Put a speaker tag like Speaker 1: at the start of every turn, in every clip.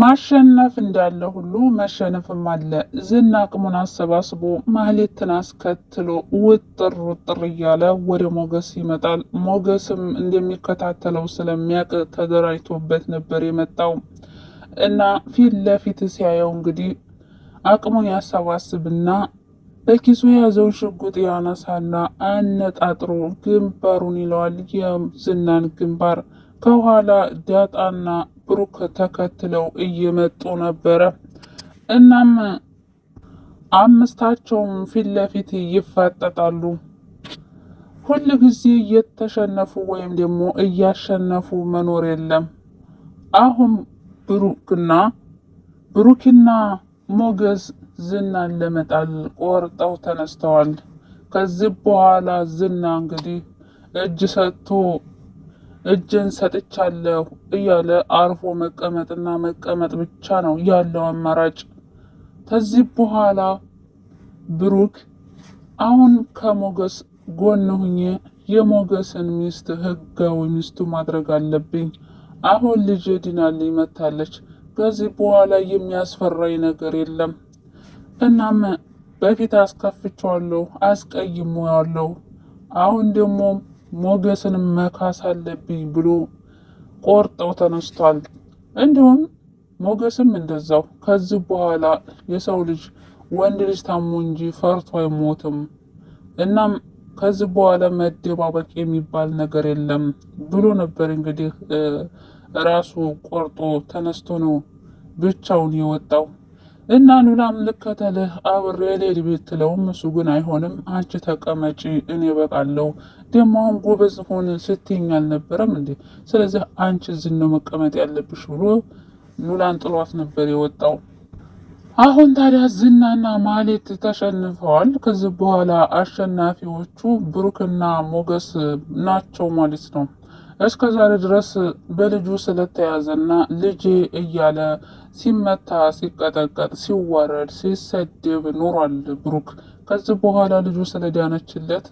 Speaker 1: ማሸነፍ እንዳለ ሁሉ መሸነፍም አለ። ዝና አቅሙን አሰባስቦ ማህሌትን አስከትሎ ውጥር ውጥር እያለ ወደ ሞገስ ይመጣል። ሞገስም እንደሚከታተለው ስለሚያውቅ ተደራጅቶበት ነበር የመጣው እና ፊት ለፊት ሲያየው እንግዲህ አቅሙን ያሰባስብና በኪሱ የያዘውን ሽጉጥ ያነሳና አነጣጥሮ ግንባሩን ይለዋል። የዝናን ግንባር ከኋላ ዳጣና ብሩክ ተከትለው እየመጡ ነበረ። እናም አምስታቸውም ፊት ለፊት ይፋጠጣሉ። ሁል ጊዜ እየተሸነፉ ወይም ደግሞ እያሸነፉ መኖር የለም። አሁን ብሩክና ብሩክና ሞገስ ዝናን ለመጣል ቆርጠው ተነስተዋል። ከዚህ በኋላ ዝና እንግዲህ እጅ ሰጥቶ እጅን ሰጥቻለሁ እያለ አርፎ መቀመጥና መቀመጥ ብቻ ነው ያለው አማራጭ። ከዚህ በኋላ ብሩክ አሁን ከሞገስ ጎን ሁኜ የሞገስን ሚስት ህጋዊ ሚስቱ ማድረግ አለብኝ። አሁን ልጅ ድናልኝ መታለች። ከዚህ በኋላ የሚያስፈራኝ ነገር የለም። እናም በፊት አስከፍቼዋለሁ፣ አስቀይሜዋለሁ። አሁን ደግሞ ሞገስን መካስ አለብኝ ብሎ ቆርጠው ተነስቷል። እንዲሁም ሞገስም እንደዛው ከዚህ በኋላ የሰው ልጅ ወንድ ልጅ ታሞ እንጂ ፈርቶ አይሞትም። እናም ከዚህ በኋላ መደባበቅ የሚባል ነገር የለም ብሎ ነበር። እንግዲህ ራሱ ቆርጦ ተነስቶ ነው ብቻውን የወጣው። እና ሉላም ልከተልህ አብሬ ልሂድ ብትለውም እሱ ግን አይሆንም፣ አንቺ ተቀመጪ እኔ እበቃለሁ። ደግሞ አሁን ጎበዝ ሆን ስትኝ አልነበረም እንዴ? ስለዚህ አንቺ እዚህ ነው መቀመጥ ያለብሽ ብሎ ሉላን ጥሏት ነበር የወጣው። አሁን ታዲያ ዝናና ማሌት ተሸንፈዋል። ከዚህ በኋላ አሸናፊዎቹ ብሩክና ሞገስ ናቸው ማለት ነው። እስከ ዛሬ ድረስ በልጁ ስለተያዘና ልጄ እያለ ሲመታ፣ ሲቀጠቀጥ፣ ሲዋረድ፣ ሲሰድብ ኑሯል ብሩክ። ከዚህ በኋላ ልጁ ስለዳነችለት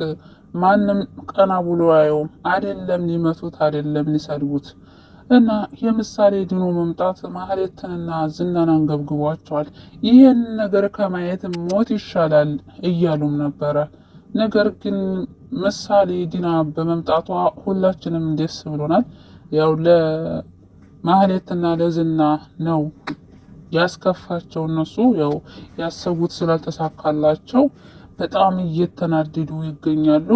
Speaker 1: ማንም ቀና ብሎ አየውም። አይደለም ሊመቱት፣ አይደለም ሊሰድቡት እና የምሳሌ ድኖ መምጣት ማህሌትንና ዝናን አንገብግቧቸዋል። ይህን ነገር ከማየት ሞት ይሻላል እያሉም ነበረ። ነገር ግን ምሳሌ ዲና በመምጣቷ ሁላችንም ደስ ብሎናል። ያው ማህሌትና ለዝና ነው ያስከፋቸው። እነሱ ያው ያሰቡት ስላልተሳካላቸው በጣም እየተናደዱ ይገኛሉ።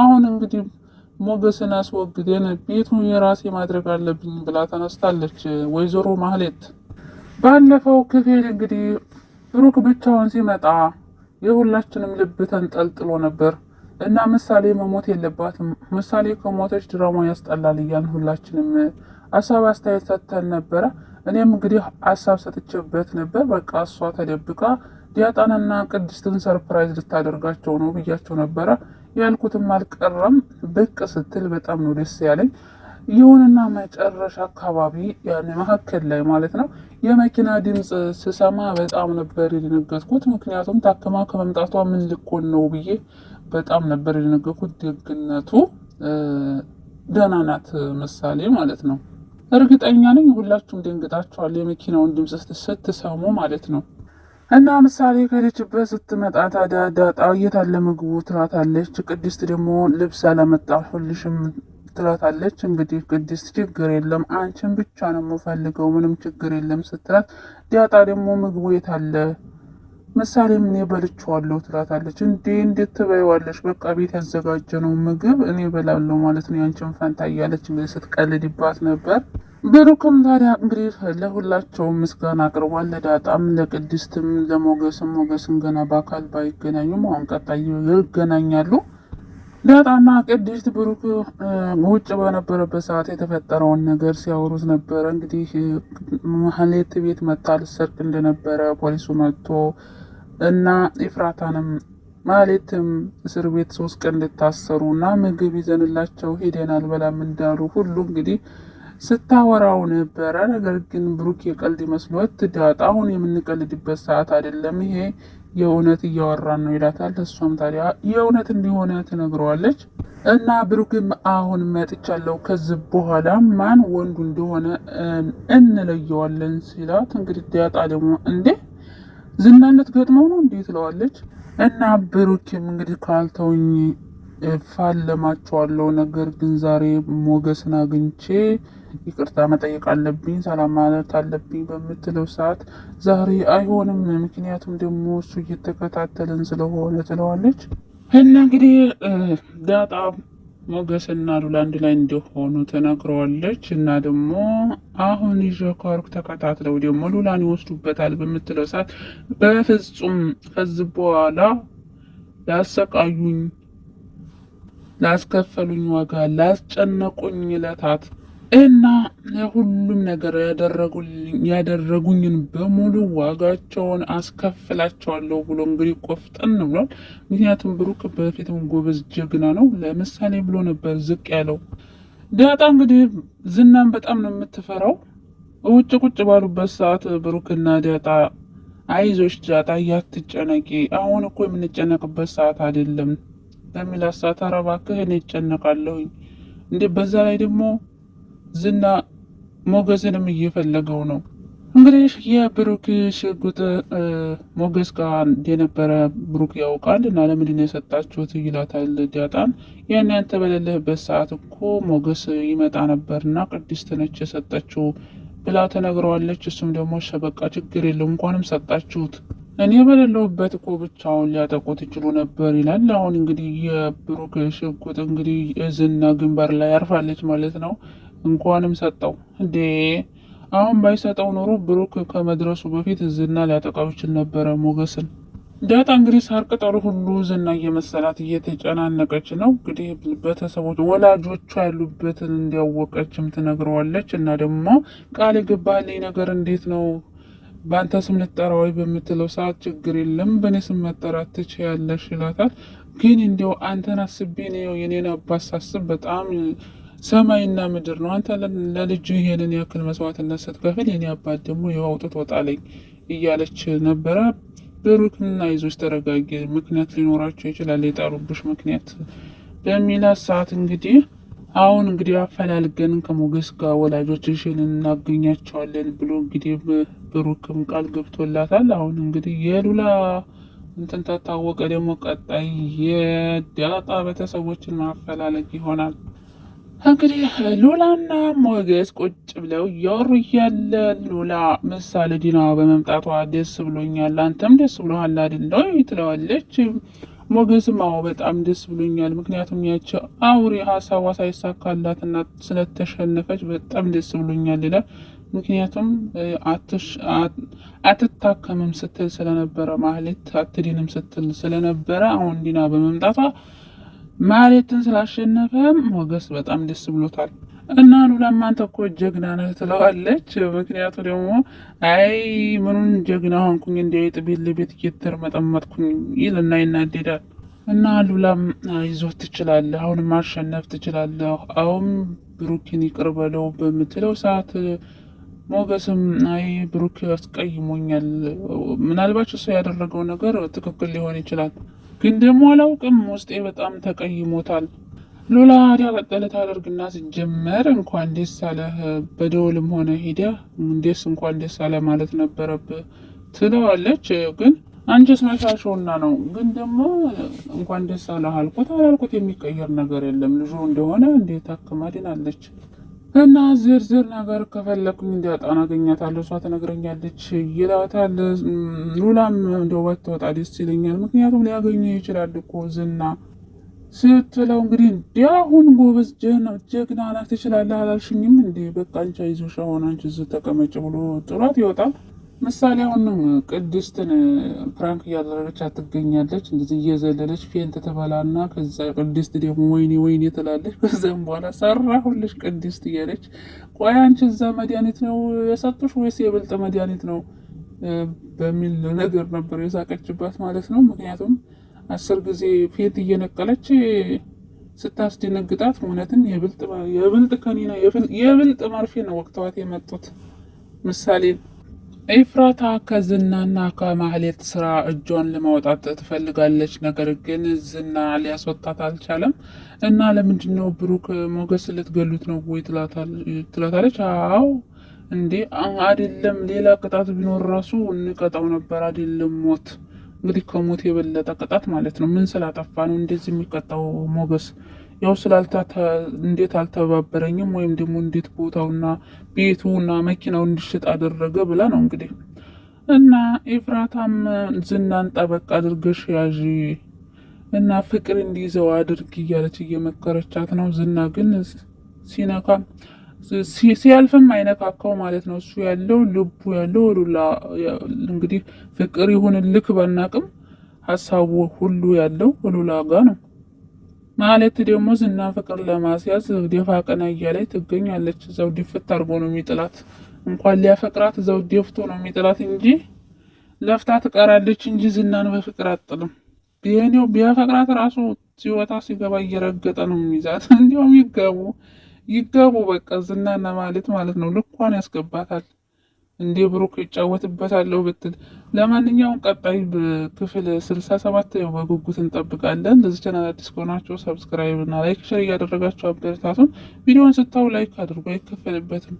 Speaker 1: አሁን እንግዲህ ሞገስን አስወግደን ቤቱን የራሴ ማድረግ አለብኝ ብላ ተነስታለች ወይዘሮ ማህሌት። ባለፈው ክፍል እንግዲህ ብሩክ ብቻውን ሲመጣ የሁላችንም ልብ ተንጠልጥሎ ነበር። እና ምሳሌ መሞት የለባትም። ምሳሌ ከሞተች ድራማ ያስጠላል እያልን ሁላችንም ሀሳብ አስተያየት ሰጥተን ነበረ። እኔም እንግዲህ ሀሳብ ሰጥቼበት ነበር። በቃ እሷ ተደብቃ ዲያጣንና ቅድስትን ሰርፕራይዝ ልታደርጋቸው ነው ብያቸው ነበረ። ያልኩትም አልቀረም። ብቅ ስትል በጣም ነው ደስ ያለኝ። ይሁንና መጨረሻ አካባቢ ያኔ መካከል ላይ ማለት ነው የመኪና ድምፅ ስሰማ በጣም ነበር የደነገጥኩት። ምክንያቱም ታክማ ከመምጣቷ ምን ልኮን ነው ብዬ በጣም ነበር የደነገጥኩት። ደግነቱ ደህና ናት ምሳሌ ማለት ነው። እርግጠኛ ነኝ ሁላችሁም ደንግጣችኋል፣ የመኪናውን ድምፅ ስትሰሙ ማለት ነው። እና ምሳሌ ከሄደችበት ስትመጣ ታዲያ ዳጣ የታለ ምግቡ ትላታለች። ቅድስት ደግሞ ልብስ አላመጣሁልሽም ትላታለች። እንግዲህ ቅድስት ችግር የለም አንቺን ብቻ ነው የምፈልገው ምንም ችግር የለም ስትላት፣ ዲያጣ ደግሞ ምግቡ የታለ ምሳሌ ምን በልቼዋለሁ ትላታለች። እንዴ እንዴት ትበይዋለች? በቃ ቤት ያዘጋጀ ነው ምግብ እኔ በላለሁ ማለት ነው ያንቺን ፈንታ እያለች እንግዲህ ስትቀልድባት ነበር። ብሩክም ታዲያ እንግዲህ ለሁላቸውም ምስጋና አቅርቧል። ለዳጣም፣ ለቅድስትም፣ ለሞገስም ሞገስም ገና በአካል ባይገናኙም አሁን ቀጣይ ይገናኛሉ። ዳጣና ቅድስት ብሩክ ውጭ በነበረበት ሰዓት የተፈጠረውን ነገር ሲያወሩት ነበረ። እንግዲህ ማህሌት ቤት መታ ልሰርቅ እንደነበረ ፖሊሱ መጥቶ እና ኤፍራታንም ማህሌትም እስር ቤት ሶስት ቀን እንድታሰሩ እና ምግብ ይዘንላቸው ሄደናል በላም እንዳሉ ሁሉ እንግዲህ ስታወራው ነበረ። ነገር ግን ብሩክ የቀልድ መስሎት ዳጣ አሁን የምንቀልድበት ሰዓት አይደለም ይሄ የእውነት እያወራን ነው ይላታል። እሷም ታዲያ የእውነት እንዲሆነ ትነግረዋለች። እና ብሩክም አሁን መጥቻለሁ፣ ከዚህ በኋላ ማን ወንዱ እንደሆነ እንለየዋለን ሲላት፣ እንግዲህ ዳጣ ደግሞ እንዴ ዝናነት ገጥመው ነው እንዴ ትለዋለች። እና ብሩክም እንግዲህ ካልተውኝ ፋለማቸዋለሁ፣ ነገር ግን ዛሬ ሞገስን አግኝቼ ይቅርታ መጠየቅ አለብኝ፣ ሰላም ማለት አለብኝ በምትለው ሰዓት ዛሬ አይሆንም፣ ምክንያቱም ደግሞ እሱ እየተከታተልን ስለሆነ ትለዋለች። እና እንግዲህ ዳጣ ሞገስና ሉላ አንድ ላይ እንደሆኑ ተነግረዋለች። እና ደግሞ አሁን ዥኮርክ ተከታትለው ደግሞ ሉላን ይወስዱበታል በምትለው ሰዓት በፍጹም ከዚህ በኋላ ላሰቃዩኝ፣ ላስከፈሉኝ ዋጋ፣ ላስጨነቁኝ ለታት እና ሁሉም ነገር ያደረጉኝን በሙሉ ዋጋቸውን አስከፍላቸዋለሁ ብሎ እንግዲህ ቆፍጠን ብሏል። ምክንያቱም ብሩክ በፊትም ጎበዝ ጀግና ነው፣ ለምሳሌ ብሎ ነበር ዝቅ ያለው። ዳጣ እንግዲህ ዝናን በጣም ነው የምትፈራው። ውጭ ቁጭ ባሉበት ሰዓት ብሩክና ዳጣ አይዞሽ ዳጣ እያትጨነቂ፣ አሁን እኮ የምንጨነቅበት ሰዓት አይደለም በሚላት ሰዓት ኧረ እኔ እጨነቃለሁኝ እንዴ በዛ ላይ ደግሞ ዝና ሞገስንም እየፈለገው ነው። እንግዲህ የብሩክ ሽጉጥ ሞገስ ጋር እንደነበረ ብሩክ ያውቃል እና ለምንድን ነው የሰጣችሁት ይላታል ዲያጣን። ያን አንተ በሌለህበት ሰዓት እኮ ሞገስ ይመጣ ነበርና ቅድስት ነች የሰጠችው ብላ ተነግረዋለች። እሱም ደግሞ ሸበቃ ችግር የለው እንኳንም ሰጣችሁት እኔ በሌለሁበት እኮ ብቻውን ሊያጠቁት ይችሉ ነበር ይላል። አሁን እንግዲህ የብሩክ ሽጉጥ እንግዲህ ዝና ግንባር ላይ ያርፋለች ማለት ነው። እንኳንም ሰጠው እንዴ! አሁን ባይሰጠው ኖሮ ብሩክ ከመድረሱ በፊት ዝና ሊያጠቃው ይችል ነበረ ሞገስን። ዳጣ እንግዲህ ሳር ቅጠሉ ሁሉ ዝና እየመሰላት እየተጨናነቀች ነው። እንግዲህ ቤተሰቦች ወላጆቿ ያሉበትን እንዲያወቀችም ትነግረዋለች። እና ደግሞ ቃል የገባልኝ ነገር እንዴት ነው በአንተ ስም ወይ በምትለው ሰዓት ችግር የለም በእኔ ስም መጠራት ትችያለሽ ይላታል። ግን እንዲያው አንተን አስቤ ነው የኔን አባት ሳስብ በጣም ሰማይና ምድር ነው። አንተ ለልጅ ይህንን ያክል መስዋዕትነት ስትከፍል የኔ አባት ደግሞ ይኸው አውጥቶ እያለች ነበረ። ብሩክና ይዞች ተረጋጊ፣ ምክንያት ሊኖራቸው ይችላል የጣሉብሽ ምክንያት በሚላት ሰዓት እንግዲህ አሁን እንግዲህ አፈላልገን ከሞገስ ጋር ወላጆችሽን እናገኛቸዋለን ብሎ እንግዲህ ብሩክም ቃል ገብቶላታል። አሁን እንግዲህ የሉላ እንትን ታወቀ ደግሞ ቀጣይ የዳጣ ቤተሰቦችን ማፈላለግ ይሆናል። እንግዲህ ሉላና ሞገስ ቁጭ ብለው እያወሩ እያለ ሉላ ምሳሌ ዲና በመምጣቷ ደስ ብሎኛል፣ አንተም ደስ ብሎሃል አይደል ትለዋለች። ሞገስም አዎ በጣም ደስ ብሎኛል፣ ምክንያቱም ያቸው አውሬ ሀሳቧ ሳይሳካላትና ስለተሸነፈች በጣም ደስ ብሎኛል ይላል። ምክንያቱም አትታከምም ስትል ስለነበረ፣ ማህሌት አትድንም ስትል ስለነበረ አሁን ዲና በመምጣቷ ማህሌትን ስላሸነፈ ሞገስ በጣም ደስ ብሎታል። እና ሉላም አንተ እኮ ጀግና ነህ ትለዋለች። ምክንያቱ ደግሞ አይ ምኑን ጀግና ሆንኩኝ እንዲያይጥ ቤት ቤት እየተርመጠመጥኩኝ ይልና ይናደዳል። እና ሉላም ይዞት ትችላለህ፣ አሁን ማሸነፍ ትችላለህ፣ አሁን ብሩክን ይቅር በለው በምትለው ሰዓት ሞገስም አይ ብሩክ አስቀይሞኛል፣ ምናልባት እሱ ያደረገው ነገር ትክክል ሊሆን ይችላል ግን ደግሞ አላውቅም ውስጤ በጣም ተቀይሞታል። ሉላ ታዲያ ቀጠለ ታደርግና ስጀመር እንኳን ደስ አለ በደወልም ሆነ ሄደህ ደስ እንኳን ደስ አለ ማለት ነበረብህ ትለዋለች። ግን አንጀት መሻሸውና ነው። ግን ደግሞ እንኳን ደስ አለህ አልኩት አላልኩት የሚቀየር ነገር የለም። ልጁ እንደሆነ እንዴት አክማድን አለች እና ዝርዝር ነገር ከፈለግኩኝ እንዲያጣን አገኛታለሁ፣ እሷ ትነግረኛለች ይላታል። ሉላም እንደው ባትወጣ ደስ ይለኛል፣ ምክንያቱም ሊያገኘ ይችላል እኮ ዝና ስትለው እንግዲህ እንዲህ አሁን ጎበዝ ጀግና ናት ትችላለህ አላልሽኝም እንዴ? በቃ አንቺ አይዞሽ አሁን አንቺ እዚህ ተቀመጭ ብሎ ጥሏት ይወጣል። ምሳሌ አሁንም ቅድስትን ፕራንክ እያደረገች ትገኛለች። እንደዚህ እየዘለለች ፌንት ተበላና ከዛ ቅድስት ደግሞ ወይኔ ወይኔ ትላለች። ከዛም በኋላ ሰራሁልሽ ቅድስት እያለች ቆይ አንቺ እዛ መድኃኒት ነው የሰጡሽ ወይስ የብልጥ መድኃኒት ነው በሚል ነገር ነበር የሳቀችባት ማለት ነው። ምክንያቱም አስር ጊዜ ፌንት እየነቀለች ስታስደነግጣት እውነትን የብልጥ ነው የብልጥ መርፌ ነው ወቅተዋት የመጡት ምሳሌ ኤፍራታ ከዝናና ከማህሌት ስራ እጇን ለማውጣት ትፈልጋለች። ነገር ግን ዝና ሊያስወጣት አልቻለም እና ለምንድነው ነው ብሩክ ሞገስ ልትገሉት ነው ወይ ትላታለች። አዎ እንዴ አይደለም፣ ሌላ ቅጣት ቢኖር ራሱ እንቀጣው ነበር አይደለም ሞት። እንግዲህ ከሞት የበለጠ ቅጣት ማለት ነው። ምን ስላጠፋ ነው እንደዚህ የሚቀጣው ሞገስ? ያው ስላልታ እንዴት አልተባበረኝም ወይም ደግሞ እንዴት ቦታውና ቤቱና መኪናው እንዲሸጥ አደረገ ብላ ነው እንግዲህ እና ኤፍራታም ዝናን ጠበቅ አድርገሽ ያዥ እና ፍቅር እንዲይዘው አድርግ እያለች እየመከረቻት ነው። ዝና ግን ሲነካ ሲያልፍም አይነካካው ማለት ነው። እሱ ያለው ልቡ ያለው ሉላ እንግዲህ ፍቅር ይሁን ልክ ባናቅም ሀሳቡ ሁሉ ያለው ሉላ ጋ ነው። ማለት ደግሞ ዝና ፍቅር ለማስያዝ ዘውዴ ቀና እያለች ትገኛለች። ዘውዴ ፍት አድርጎ ነው የሚጥላት። እንኳን ሊያፈቅራት ዘውዴ ፍቶ ነው የሚጥላት እንጂ ለፍታ ትቀራለች እንጂ ዝናን በፍቅር አጥልም። ቢኔው ቢያፈቅራት ራሱ ሲወጣ ሲገባ እየረገጠ ነው የሚይዛት። እንዲሁም ይገቡ ይገቡ በቃ ዝናና ማለት ማለት ነው ልኳን ያስገባታል። እንዴ ብሩክ ይጫወትበታለሁ ብትል። ለማንኛውም ቀጣይ ክፍል ስልሳ ሰባት በጉጉት እንጠብቃለን። ለዚህ ቻናል አዲስ ከሆናችሁ ሰብስክራይብ እና ላይክ፣ ሸር እያደረጋችሁ አበረታቱን። ቪዲዮውን ስታው ላይክ አድርጎ አይከፈልበትም።